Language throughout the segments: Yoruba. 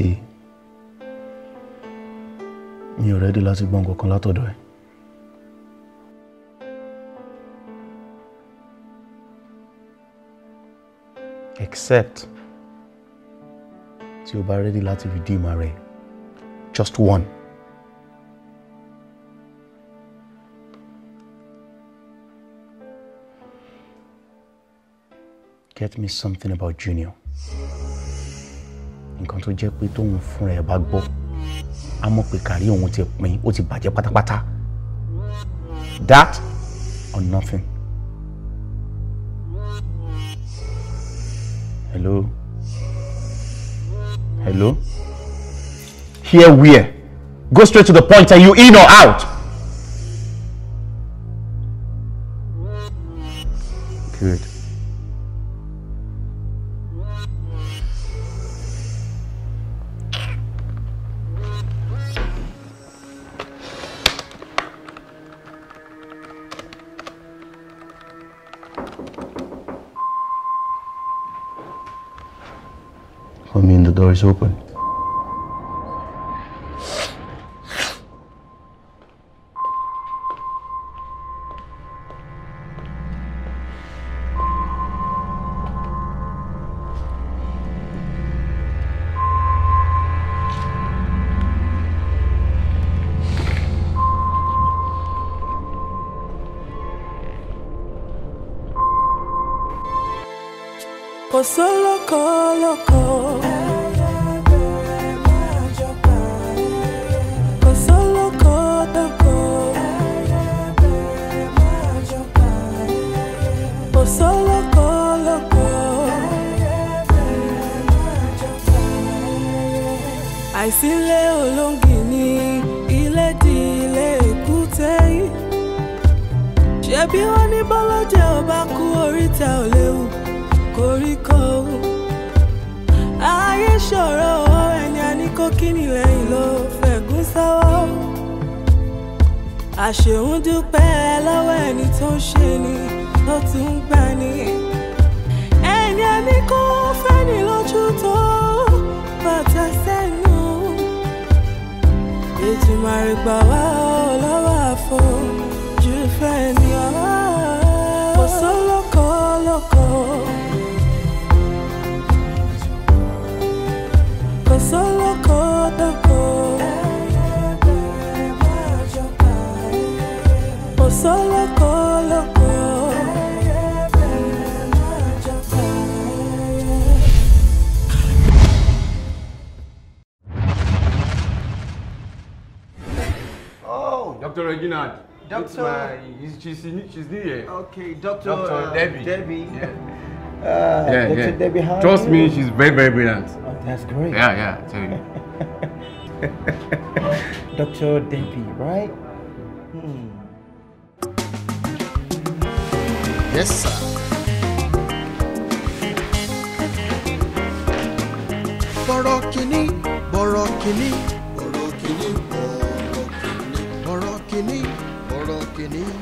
sí i mi ò rẹ́dí láti gbọ́ nǹkan látọ̀dọ̀ ẹ̀. except tí o bá rẹ́dí láti redeem ara ẹ̀ just one. Get me something about Junior nǹkan tó jẹ́ pé tóun fúnra ẹ̀ bá gbọ́ a mọ̀ pé kárí òun ti pin ó ti bàjẹ́ pátápátá that or nothing. hello hello here where go straight to the point are you in or out. good. I mean the door is open. ṣebí ó ní bọ́lọ́jẹ́ ò bá kú oríta ò léwu koríko o ayé ṣòro o ẹni àníkó kíni lẹ́yìn ló fẹ̀gún sọ́wọ́ àṣehùn dúpẹ́ lọ́wọ́ ẹni tó ń ṣe ni ó tún ń gbà ní ẹni àníkó fẹ́ni lójú tó bàtà sẹ́nu ètùmọ̀ àrègbà wà ó lọ́wọ́ àfọ̀hún. loco, loco loco, loco loco, loco Oh, Dr. Reginald. Doctor, my, she's, she's new here. Okay, Doctor, Doctor uh, Debbie. Debbie. Yeah. Uh, yeah, Dr. Yeah. Debbie, how Trust me, she's very, very brilliant. Oh, that's great. Yeah, yeah, tell you. Dr. Debbie, right? Hmm. Yes, sir. bọ̀rọ̀ kìíní bọ̀rọ̀ kìíní kìíní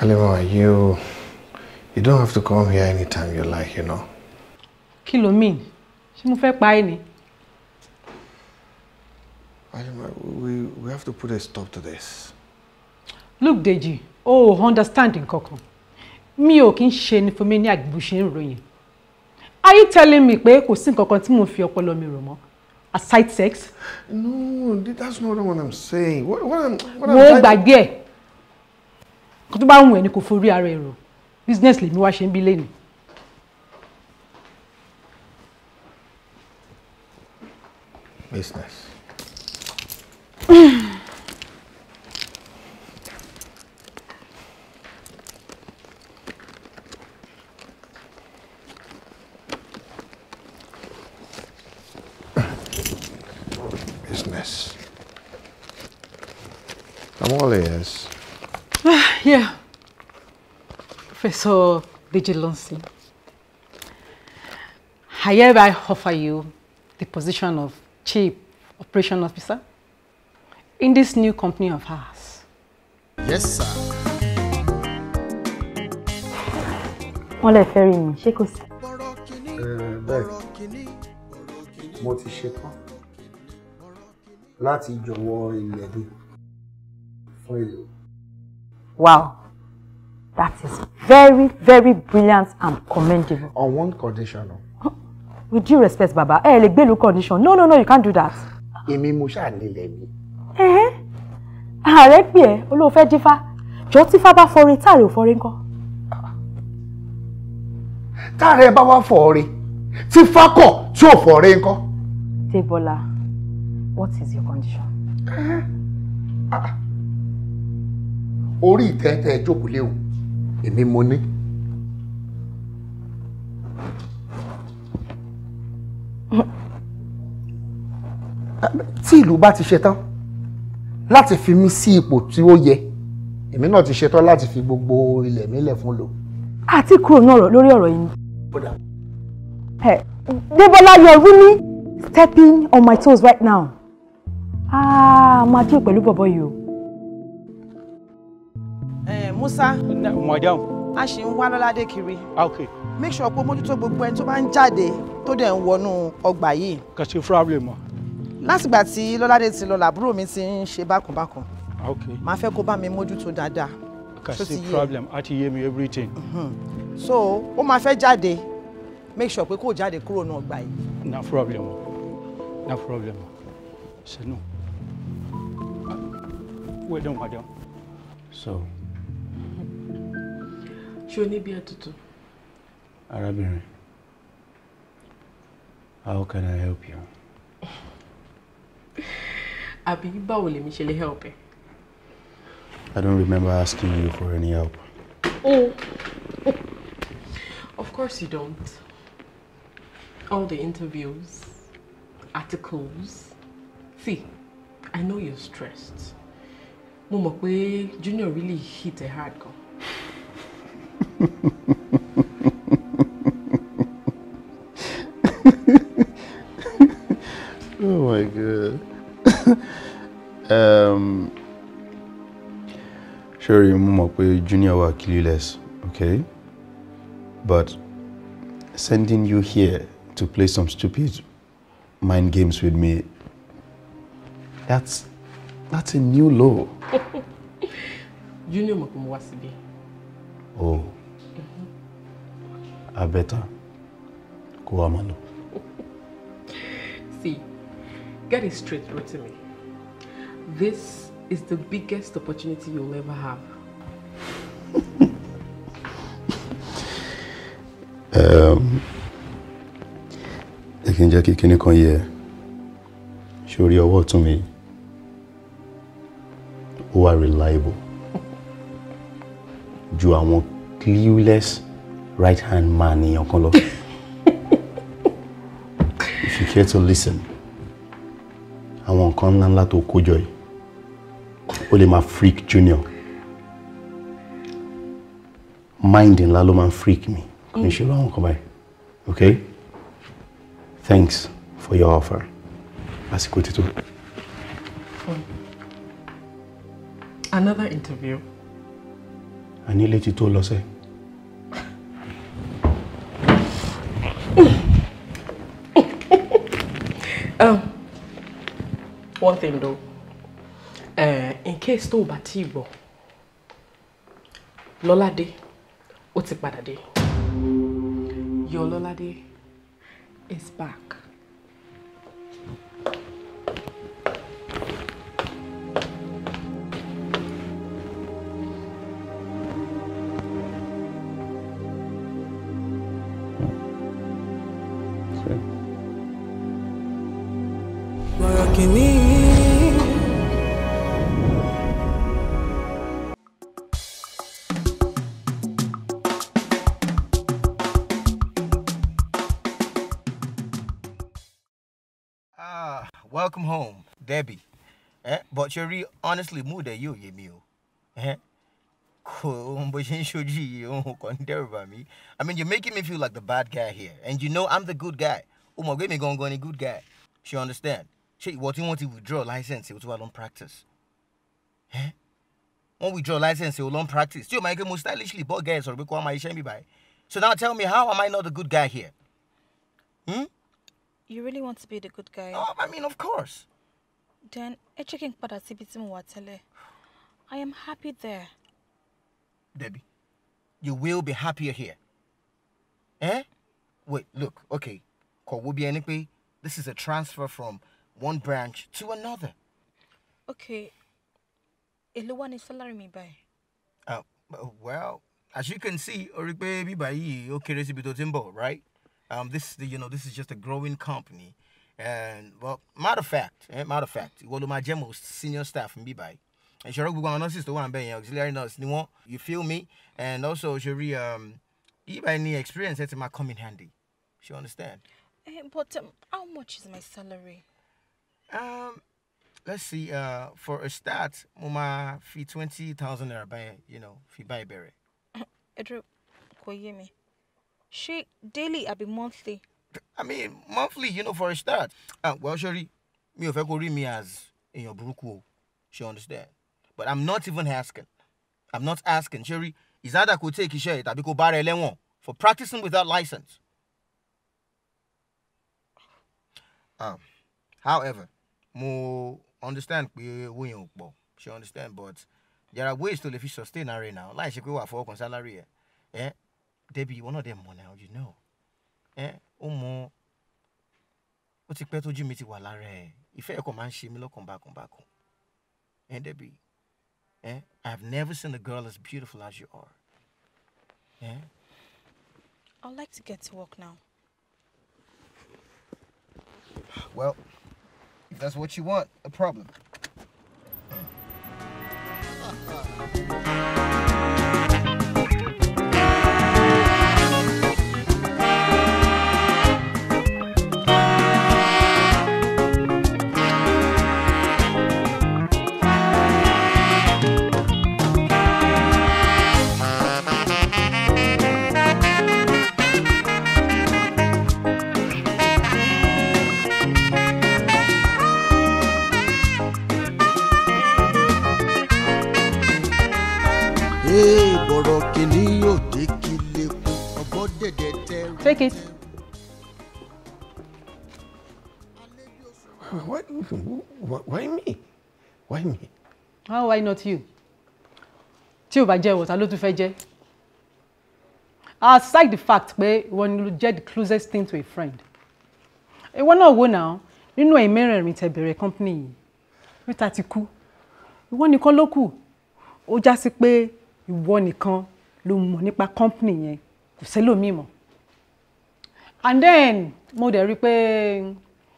Alima, you you don't have to come here anytime you like, you know. Kilo mean? she mo fẹ́ pa ẹ́ ni? Alima, we we have to put a stop to this. Look, Deji, oh, understanding, nǹkan kan. Mi ò kí ń ni fún mi ní àgbègbè ṣe ń Are you telling me pé kò sí nǹkan kan tí mo fi ọpọlọ mi rò mọ́? aside sex. no that's not what i'm saying what, what i'm what i'm. wo gbàgbé ẹ kó tó bá wùn ẹ ni kò forí business lèmi wá ṣe ń bí lẹ́nu. business. Professor Vigilance. I offer you the position of Chief Operation Officer in this new company of ours. Yes, sir. Wọ́n lè fẹ́ rí mi, ṣé kò sí? Eh, bẹ́ẹ̀ mo ti ṣetán láti jọ̀wọ́ Wow! That is very, very brilliant and commendable. On one condition. With due respect, Baba, eh, lè gbèlú condition. No, no, no, you can't do that. Èmi mo ṣáà nílẹ̀ mi. Ẹ̀hẹ́. Ààrẹ pè ẹ́, olóò fẹ́ dífá. Jọ tífá bá fọre, táàrẹ̀ ò fọre ńkọ́. Táàrẹ̀ bá wá fọre, tífá kọ̀ tí ò fọre ńkọ́. Débọ́lá, what is your condition? Ah, ah. Orí ìtẹ́tẹ́ jókòó léwu èmi mo ní. tí ìlú bá ti ṣetán láti fi mí sí ipò tí ó yẹ èmi náà ti ṣetán láti fi gbogbo ilẹ̀ mi lẹ̀ fún lò. àti kúrò ní ọ̀rọ̀ lórí ọ̀rọ̀ yìí. débọ́lá you're really stepping on my toes right now. ah máa dín pẹ̀lú bọ̀bọ̀ yìí o. Musa. madam. a ṣì ń wá Lọ́ládé kiri. Ah, okay. make sure pé mójútó gbogbo ẹni tó bá ń jáde tó dẹ̀ ń wọnú ọgbà yìí. kàṣí fúráwìlì mọ. látìgbà tí Lọ́ládé ti lọ làbúrò mi ti ń ṣe bákànbákan. Ah, okay. máa fẹ́ kó bá mi mójútó dáadáa. kàṣí problem àti yé mi everything. Mhm. so ó máa fẹ́ jáde make sure pé kó jáde kúrò ní ọgbà yìí. na problem na problem sinu. Well done, madam. So. ṣé o ní bí ẹtùtù. arábìnrin how can i help you. àbí báwo lèmi ṣe lè help I i don't remember asking you for any help. Oh, oh of course you don't all the interviews articles see i know you're stressed mo mọ̀ junior really hit a hard goal. my God. um, Sherry, mo mọ̀ pé junior wa clueless, okay? But sending you here to play some stupid mind games with me, that's, that's a new low. junior mọ̀ pé mo wá Oh, mm-hmm. I better go wa Get it straight, through to me. This is the biggest opportunity you'll ever have. um, can just keep jẹ́ kí kíní kan yẹ sórí ọwọ́ ọ̀tún mi ó wà reliable ju àwọn clueless right hand man èèyàn kan lọ if you care to listen nǹkan ńláńlá tó kójọ yìí ó lè máa freak junior mind ńlá ló máa ń freak mi kò ní ṣe irú àwọn kan báyìí okay thanks for your offer àsìkò títò. another interview. a ní létí tó lọ́sẹ̀. oh one thing though uh, in case to o bá tí ì gbọ́ lọ́ládé ó ti padà dé your lọ́ládé is back. baby. Eh? But you re honestly mood than you give me. Eh? I mean, you're making me feel like the bad guy here. And you know I'm the good guy. Oh my god, me going go any good guy. She understand. She what you want to withdraw license, you don't practice. Eh? When we draw license, you don't practice. You make most stylishly But guys or become my shame by. So now tell me, how am I not the good guy here? Hmm? You really want to be the good guy? Oh, I mean, of course. Then, ẹ jẹ́ kí n padà mo I am happy there. Debbie, you will be happier here. Eh? Wait, look, okay. Kò wo bí this is a transfer from one branch to another. Okay. Èló is salary mi báyìí? Uh, well, as you can see, orí pé by yìí okay, kéré síbi right? Um, this, you know, this is just a growing company. and well matter of fact eh, matter of fact ìwọ ló máa jẹ́ most senior staff ń bí báyìí ìṣòro gbogbo àwọn nurses one wà níbẹ̀ yẹn auxiliary nurse ni wọ́n you feel me and also ṣòrí um, báyìí any experience that might come in handy She understand. Hey, eh, but um, how much is my salary. Um, let's see uh, for a start mo fee twenty thousand naira by. you know fee by bẹ̀rẹ̀. ẹ̀dùn eh, kò yé mi ṣé daily àbí monthly. I mean monthly you know for a start and ah, well Sherry, me if fẹ́ kó rí as in your o she understand but I'm not even asking I'm not asking Sherry. is that I could take iṣẹ́ tàbí be bára ẹ lẹ́wọ̀n for practicing without license. Um, however mo understand we owó she understand but there are ways to live fi sustain Like she náà láì ṣe pé wà fọwọ́ salary ẹ̀ ẹ́ one ìwọ náà dẹ̀ you know eh? ó mọ ó ti pẹ́ tójú mi ti wà lára ẹ̀ ìfẹ́ kò mí dẹ́bi have never seen a girl as beautiful as you are. Eh? I'd like to get to work now. Well, if that's what you want, a problem. why not you tí ò bá jẹ́ ìwọ̀ta ló tún fẹ́ jẹ́ aside the fact pé ìwọ ni ló jẹ́ the closest thing to a friend ìwọ náà wò náà nínú ẹ̀yin mẹ́rẹ̀ẹ̀rin tẹ́ bẹ̀rẹ̀ company yìí rita ti kú ìwọ nìkan ló kù ó já sí pé ìwọ nìkan ló mọ̀ nípa company yẹn kò sẹ́lòmíì mọ̀ and then mo dẹ̀ rí i pé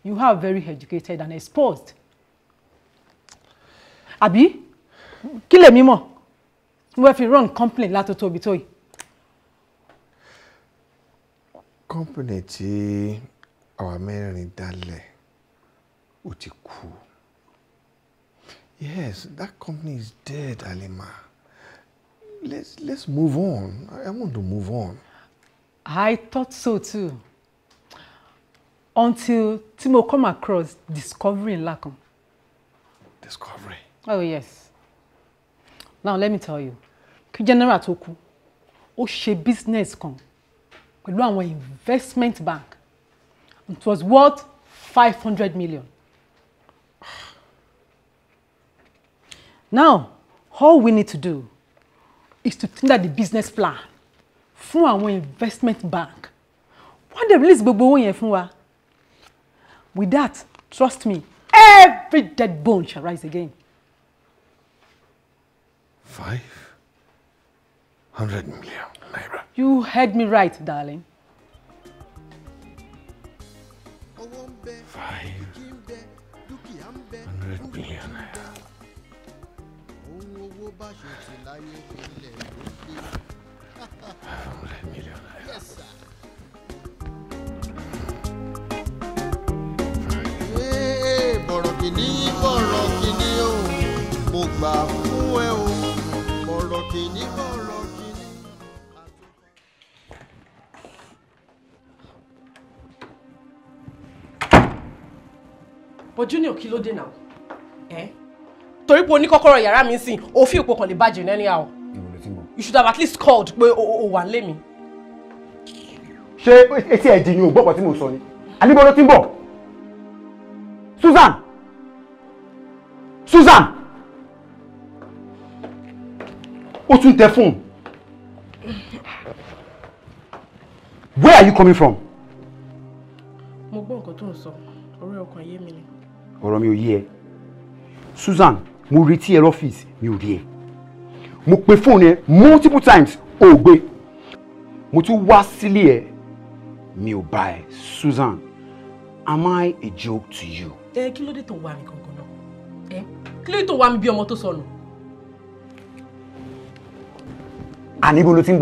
you have very educated and exposed àbí kí lèmi mọ̀ mo fẹ́ fi run complaint látòtò òbí tó yìí. company tí àwa mẹ́rin dálẹ̀ ó ti kú yes that company is dead Halima let's let's move on I want to move on. I thought so too until tí mo come across discovery ńlá kan. discovery. oh yes now let me tell you kí general tó kú ó ṣe business kan pẹ̀lú àwọn investment bank it was worth five hundred million now all we need to do is to tender the business plan fún àwọn investment bank wọ́n dey release gbogbo owó yẹn fún wa with that trust me every dead bone shall rise again. Five hundred million naira. You heard me right, darling. Five hundred million naira. Five hundred million naira. Yes, sir. Bọ̀rọ̀ kìíní, bọ̀rọ̀ kìíní o, mo gbà fún ẹ o but junior kí ló dé náà ẹ torí pé oníkọ́kọ́rọ́ yàrá mi sìn òfin òpó kan lè bàjẹ́ ní anyhow you should have at least called pé o wà lé mi. ṣé etí ẹ̀dì ni ògbọ́kọ̀ tí mo sọ ni alíbọ̀dọ̀ ti ń bọ̀ Susan Susan. ó tún tẹ fóònù. where are you coming from. mo gbọ́ nǹkan tó ń sọ ọ̀rọ̀ ọkàn mi ni. ọ̀rọ̀ mi ò yé Susan mo retí ẹ office. mi ò rí ẹ mo pe fóònù ẹ multiple times ò gbé mo tún wá sílé ẹ mi ò bá ẹ Susan am I a joke to you. Eh, kí ló dé tó wá mi gangan náà ẹ kí ló dé tó wá mi bí ọmọ tó àníbo ló ti ń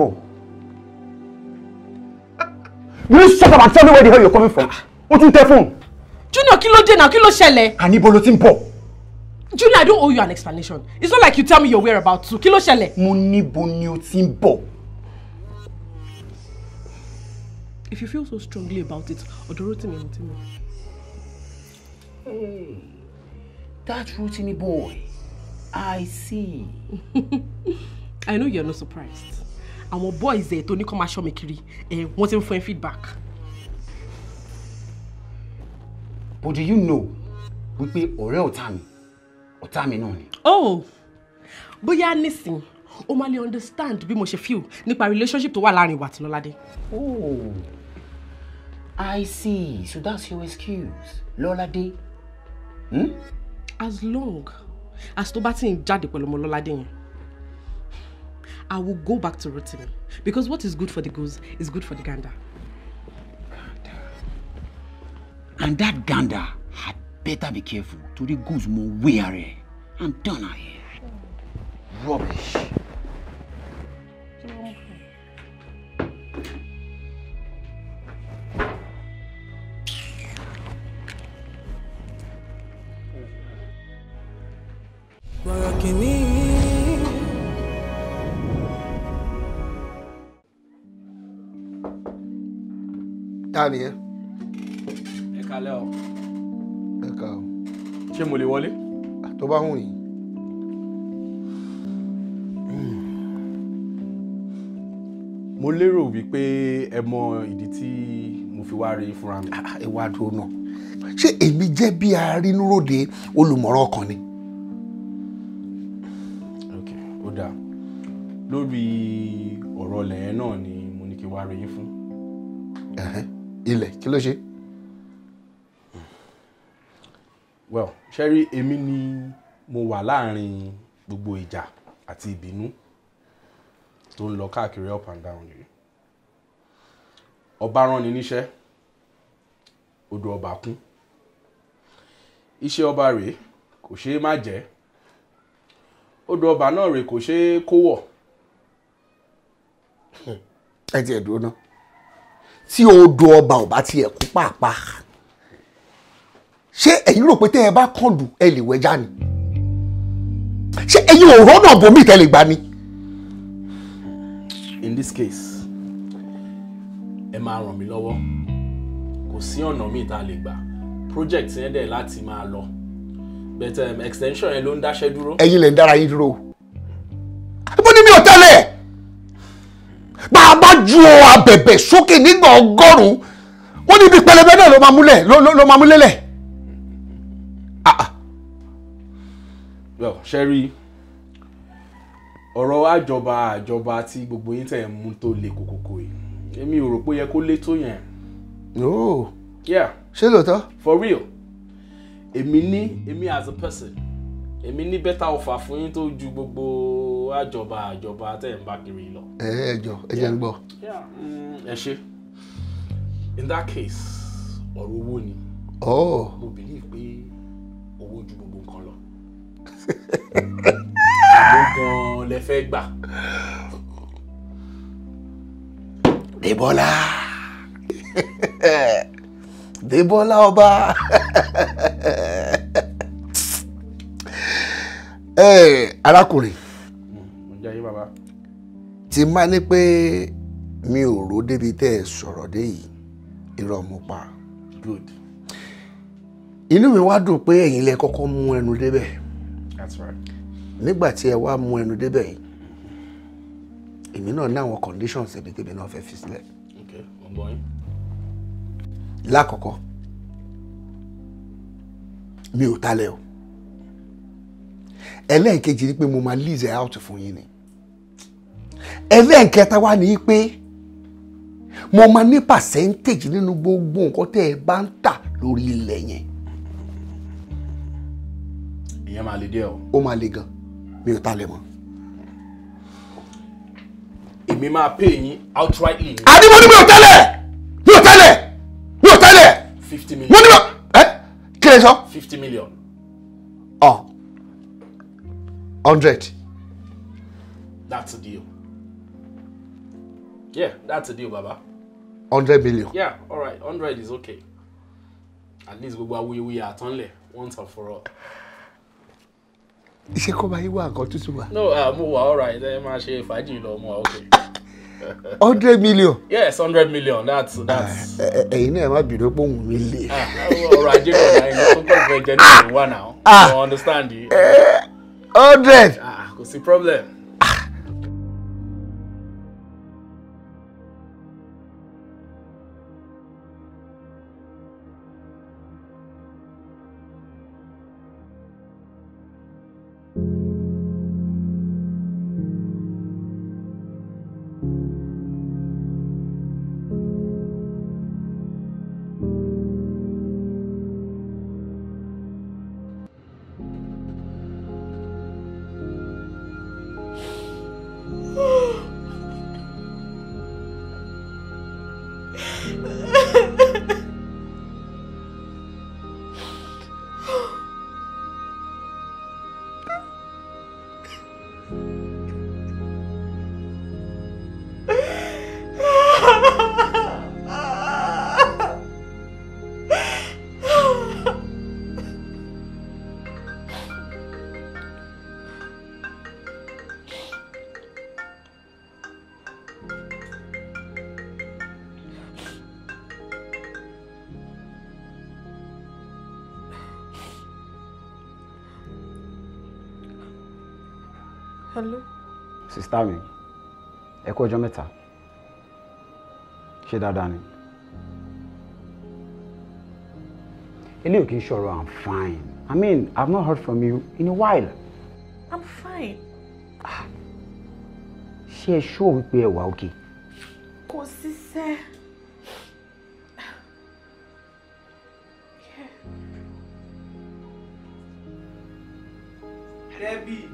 you shut up and tell me where the hell you're coming from. o tún tẹ fóònù. junior kilo ló dé náà kí ló ṣẹlẹ̀. àníbo junior i don't owe you an explanation it's not like you tell me your whereabouts too kí ló ṣẹlẹ̀. mo níbo if you feel so strongly about it ọ̀dọ̀ Rotimi mo ti mọ̀. Hey, that routine boy, I see. I know you're not surprised. Àwọn boys ẹ̀ tó ní kọ́ máa ṣọ́ mi kiri ẹ̀ wọ́n ti feedback. But do you know we ọ̀rẹ́ ọ̀tá mi ọ̀tá mi náà ni. Oh bóyá nísìn o máa lè understand bí mo ṣe a nípa relationship tó wà láàrin ìwà àti Lọ́ládé. Oh I see so that's your excuse Lọ́ládé. Hmm? As long as tó bá ti ń jáde pẹ̀lú ọmọ Lọ́ládé I will go back to Rotimi. Because what is good for the goose is good for the gander. gander. And that gander had better be careful to the goose more wary and done here. Rubbish. ta nìyẹn. ẹ kalẹ o. ẹ ká o. ṣé mo lè wọlé. tó bá hùn yìí. mo lérò wípé ẹ mọ ìdí tí mo fi wá rí fúnra mi. Ah, ẹ wá dúró náà ṣé èmi jẹ́ bí arínúròde olùmọ̀ràn ọkàn ni. ok ó dáa lórí ọ̀rọ̀ lẹ́yìn náà ni mo ní kí wá rí yín fún ilẹ̀ kí ló ṣe. well ṣẹ́rí èmi ni mo wà láàrin gbogbo ìjà àti ìbínú tó ń lọ káàkiri up and down yìí ọba rán ni níṣẹ́ odò ọba kún iṣẹ́ ọba rèé kò ṣeé má jẹ́ odò ọba náà rèé kò ṣeé kó wọ̀. ẹ tiẹ̀ dúró náà tí odò ọba ò bá tiẹ̀ kú pàápàá ṣé ẹ̀yin rò pé tẹ́ ẹ bá kàn ẹ lè wẹja ni ṣé ẹ̀yin ò rọ́nà bòmí tẹ́ lè gbà ni. in this case ẹ máa ràn mí lọ́wọ́ kò sí ọ̀nà míì tá a lè gbà project yẹn dẹ̀ láti máa lọ but um, extension yẹn ló ń dáṣẹ́ dúró. ẹ̀yin lè ń dára yín dúró. mo ní mi ò tẹ́lẹ̀ ju abẹ̀bẹ̀ sókè nígbà ọgọ́rùn-ún wọ́n ní ibi pẹlẹbẹ náà ló máa múlẹ̀ ló máa múlẹ̀ lẹ̀. Ah, ah. ṣe rí ọ̀rọ̀ àjọba àjọba tí gbogbo yín tẹ̀ ń mú tó le kòkòkò yìí èmi ò rò pé ó yẹ kó lé tó yẹn. yeah ṣé lóòótọ́. for real èmi ní èmi as a person èmi ní better offer fún yín tó ju gbogbo àjọba àjọba tẹ̀ ń bá kiri lọ. ẹ ẹ jọ ẹ jẹ́ ń gbọ́. ẹ ṣe in that case ọ̀rọ̀ owó ni oh. mo believe pé owó ju gbogbo nǹkan lọ àmọ́ gan fẹ́ gbà. Débọ́lá Débọ́lá ọba eh, arákùnrin ṣàlàyé bàbá. tí má ní pé mi ò rò débi tẹ́ ẹ sọ̀rọ̀ dé yìí irọ́ mo pa. good. inú mi wá dùn pé ẹ̀yin lẹ kọ́kọ́ mú ẹnu débẹ̀. that's right. nígbà tí ẹ wá mú ẹnu débẹ̀ yìí èmi náà ní àwọn conditions ẹ̀mí tèmi náà fẹ́ fi sílẹ̀. okay mo gbọ́ yín. lákọ̀ọ́kọ́ mi ò talẹ̀ o ẹlẹ́ẹ̀kejì ni pé mo máa lease out fún yín ni ẹlẹ́ǹkẹta wá ní pé mo máa ní percentage nínú gbogbo nǹkan tẹ́ ẹ bá ń tà lórí ilẹ̀ yẹn. ìyẹn máa le díẹ̀ o. ó máa le gan mi ò ta lè mọ. èmi máa pè yín outrightly. àdìmọ́ ni mi ò tẹ́lẹ̀ mi ò tẹ́lẹ̀ mi ò tẹ́lẹ̀. fifty million. mo ní ma kí lè sọ. fifty million. ọ hundred. that's a deal. Yeah, that's a deal, Baba. 100 million. Yeah, all right, 100 is okay. At least we we we are only once and for all. Is it? máa yí wá nǹkan tútù wá? No, I'm wà all right, ẹ máa if I do no more. okay. hundred million. yes hundred million that's that's. Eh, you know, bìrì pé òun mi lè. ọ̀rọ̀ ajé kò you know, I'm kọ́ ìfẹ́ jẹ́ ní ìlú one now. ah you understand. hundred. ah kò sí problem. thank you. sista mi ẹ kú ọjọ́ mẹ́ta ṣé dáadáa ni eléyìí ò kì í ṣọ̀rọ̀ i'm fine i mean i've not heard from you in a while. i'm fine. Ah, ṣé ẹ ṣó wípé ẹ wà òkè. kò sí sẹ́ẹ̀. Debbie.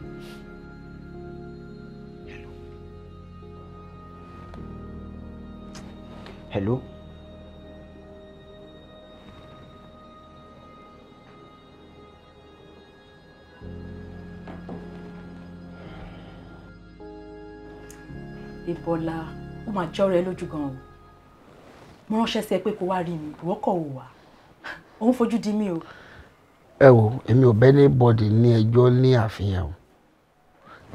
hello. Ebola. ó máa jọ́rọ̀ ẹ lójú gan o mo ránṣẹ́ sí ẹ pé kó wá rí mi ìwọ kọ̀ ò wá òun fojú di mí o. ẹ wo èmi ò bẹ́ẹ̀ ní bọ́dì ní ẹjọ́ ní àfihàn o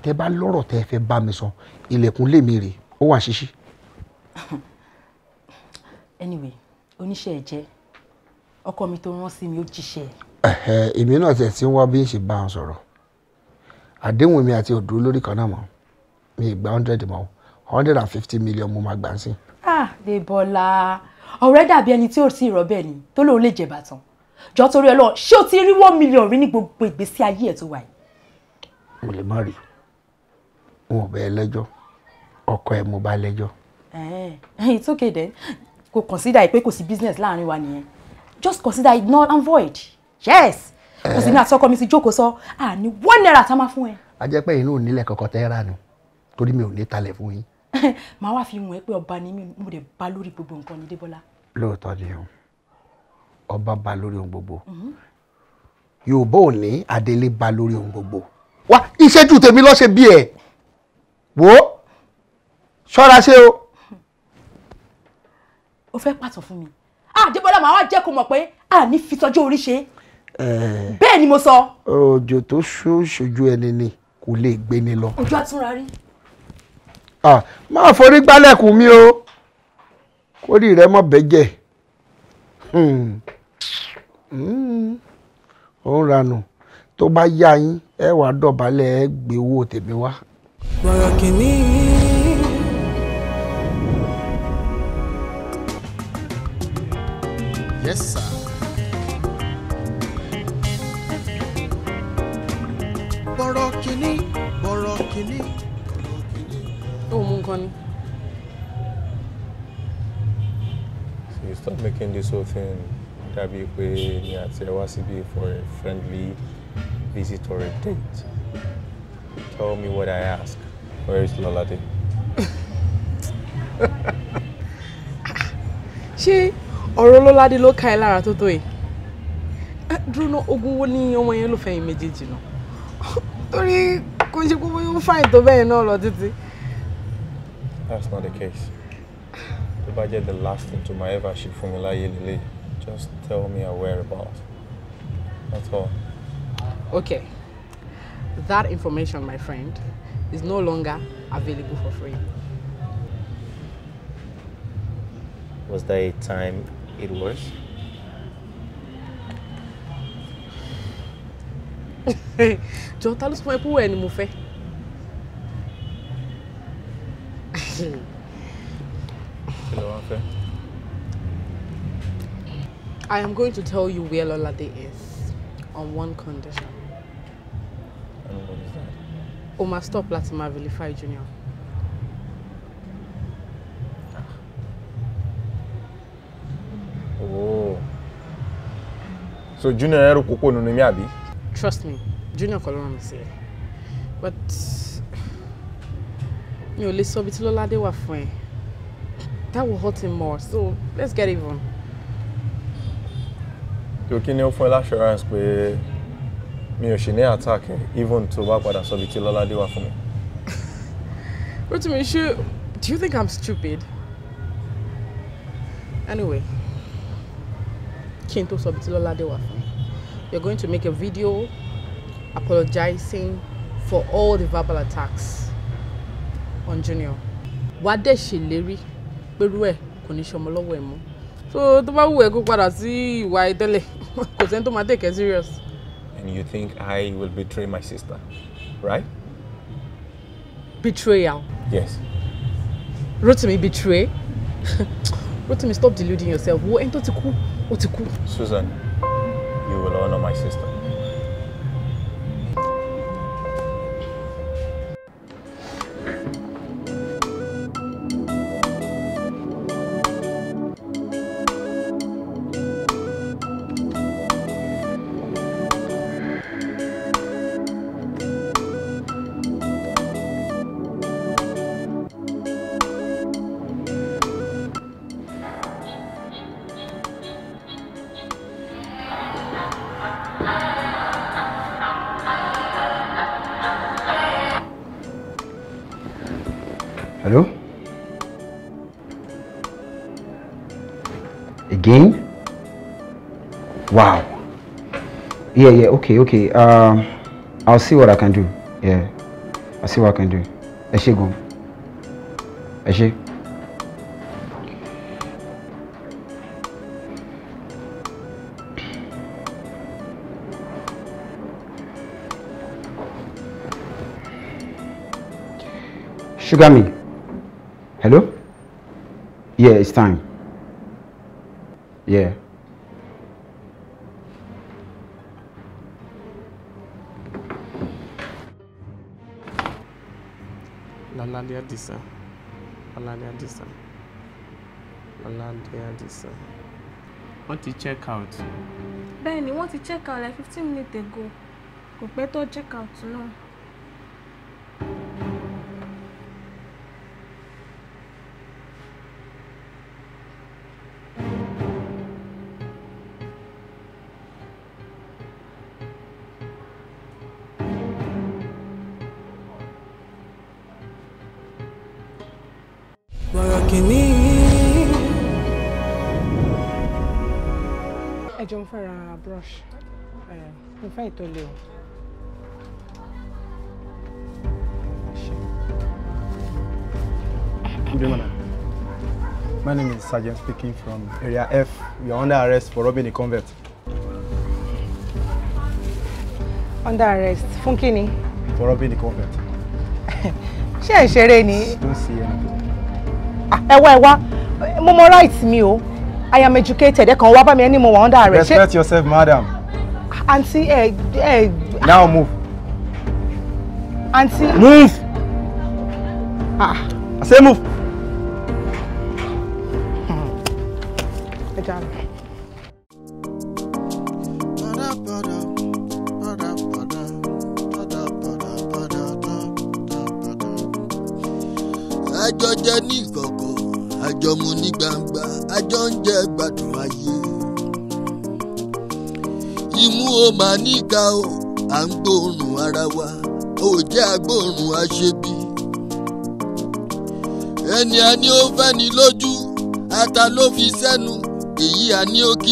tẹ bá lọ́rọ̀ tẹ fẹ́ bá mi sọ ilẹ̀kùn lèmi rè ó wà ṣíṣí anyway oníṣẹ́ ẹ̀jẹ̀ ọkọ mi tó rán sí mi ó jíṣẹ́ ẹ̀. èmi náà tiẹ̀ ti ń wá bí ṣe bá wọn sọ̀rọ̀ àdéhùn mi àti òdúró lórí kan náà mọ̀ mi ìgbà hundred mọ́ hundred and fifty million mo máa gbà ń sìn. ah Débọ́lá ọ̀rẹ́ dàbí ẹni tí ò tí ì rọ́bẹ̀ ni tó lóun lè jẹ̀bà tán jọ torí Ọlọ́run ṣé o ti rí one million rí ní gbogbo ìgbésí ayé ẹ̀ tó wà yìí. mo lè má rí wọn ò bẹ́ẹ̀ lẹ́jọ́ ọkọ ẹ̀ mo bá lẹ́jọ́. ẹ eh, ẹ eh, it's okay then kò consider pé kò sí business láàrin wa nìyẹn just consider it null and void yes kò sí ní eh. àtọkọ mi sí jókòó sọ à ní one naira tá a máa fún ẹ. a jẹ́ pé inú nílẹ̀ kọ̀ọ̀kan tẹ́ rà nù torí mi ò ní talẹ̀ fún yín. màá wá fi hùn ẹ pé ọba ni mi mo lè ba lórí gbogbo nǹkan ní débọ́lá. lóòótọ́ ni o ọba ba lórí ohun gbogbo mm-hmm. yorùbá ò ní adélé ba lórí ohun gbogbo wá iṣẹ́ jù tèmi lọ́ọ́ ṣe bí ẹ̀ wò ó ṣọ́ra ṣe o o fẹ́ pàtó fún mi àdébọ́lá ah, màá wá jẹ́ kó mọ̀ pé a ní fi tọ́jú orí ṣe eh. bẹ́ẹ̀ ni mo sọ. òjò tó ṣú ṣojú ẹni ni kò lè gbé ni lọ. ojú àtúnra rí. Ah, máa forí gbálẹ̀kùn mi o kórìí rẹ mọ̀ bẹ́jẹ̀ òun hmm. hmm. ranù tó bá yá yín ẹ wàá dọ̀bálẹ̀ ẹ gbé owó tèmi wá. bọ̀rọ̀ kìíní. Yes, sir. Borokini, Borokini. Oh, kìíní. so you stop making this whole thing dàbí pé mi àti ẹ wá síbí for a friendly visit or a date tell me what I ask where is She. ọ̀rọ̀ Ọlọ́ládé ló ka ẹ́ lára tó tó yìí dúró ná ogun wo ni ọmọ yẹn ló fẹ́yìn méjèèjì náà torí kò ṣe pé bóyá ó fàìn tó bẹ́ẹ̀ náà lọ títí. that's not the case tó bá jẹ́ the last thing to my ever ṣe fún mi láyé lélẹ̀ just tell me her whereabouts that's all. okay that information my friend is no longer available for free. Was there a time it was. jọ ta ló sọ fún ẹ pé wẹ̀ ni mo fẹ́. kí ló wá fẹ́. I am going to tell you where Lolade is on one condition. And what is that? Oma stop láti máa vilify Junior. so junior ẹrù kókó nínú mi àbí. trust me junior kọ́ ló mi but mi ò lè sọ ibi tí lọ́ládé wà fún ẹ that will hurt him more so let's get even. tó kí ni ó fún ẹ láṣọránsì pé mi ò ṣe ní attack even tó bá padà sọ ibi tí lọ́ládé wà fún mi. Rotimi, do you think I'm stupid? Anyway kí n tó you're going to make a video apologizing for all the verbal attacks on Junior. wà á dẹ̀ ṣèlérí pẹ̀lú ẹ̀ kò ní ṣọmọ lọ́wọ́ ẹ̀ mọ́ so tó bá wù ẹ́ kó padà sí ìwà ẹ̀ tẹ́lẹ̀ kò sẹ́ni take it serious. and you think I will betray my sister right. betrayal. yes. me betray me. stop deluding yourself Who ẹni tó ti Susan you will honour my sister. again. Wow. Yeah, yeah, okay, okay. Um, I'll see what I can do. Yeah, I'll see what I can do. Eshe go. Eshe. Sugar me. Hello? Yeah, it's time. Yeah. Lalalia Disa. Lalalia Disa. Lalalia Disa. Wọ́n ti check out. Bẹ́ẹ̀ni, wọ́n ti check out like fifteen minutes ago. Kò pẹ́ check out náà. No. jọ ń fẹ́ brush mo fẹ́ ìtọ́lẹ̀ o. My name is Sergeant speaking from Area F. We are under arrest for robbing a convert. Under arrest? Fún kí For robbing a convert. Ṣé ẹ ṣeré ni? Don't see anything. Ah, ẹ wá ẹ wá, mo mọ rights mi o. I am educated. Ẹ kàn wá bá mi ẹni mo under arrest. Respect yourself, madam. Auntie, eh, eh. Now move. Auntie. Move. Ah. I say move. máa níka o à ń gbóòórùn ara wa ó jẹ́ agbóòórùn aṣebi. ẹni a ní ó fẹ́ni lójú ata ló fi sẹ́nu èyí a ní ó kí